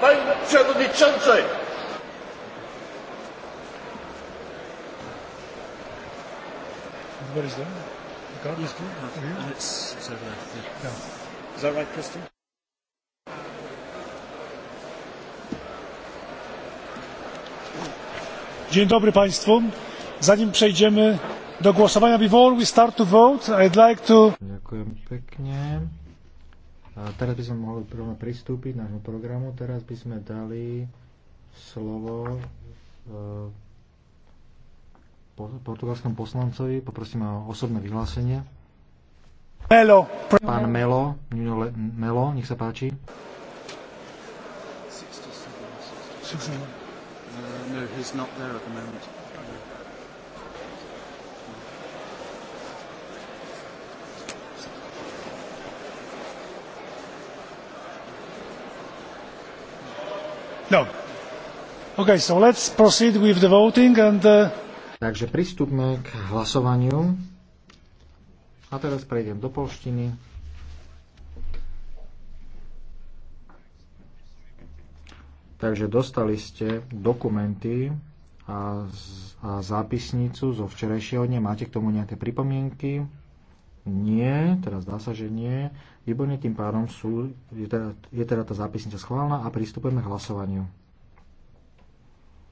Panie Przewodniczący! What is that? The is good? Yeah. Uh, it's, it's over there. Yeah. Yeah. Is that right, Dzień dobry Państwu. Zanim przejdziemy do głosowania, before we start to vote, I'd like to... pięknie. A teraz by sme mohli rovno pristúpiť nášmu programu. Teraz by sme dali slovo e, portugalskom poslancovi. Poprosím o osobné vyhlásenie. Melo. Pán Melo, Melo, nech sa páči. Uh, no, he's not there at the moment. No. Okay, so let's proceed with the voting and uh, Takže pristupme k hlasovaniu. A teraz prejdem do polštiny. Takže dostali ste dokumenty a, a zápisnicu zo včerajšieho dňa. Máte k tomu nejaké pripomienky? Nie teraz zdá sa, že nie. Výborne, tým pádom sú, je, teda, je teda tá zápisnica schválna a pristupujeme k hlasovaniu.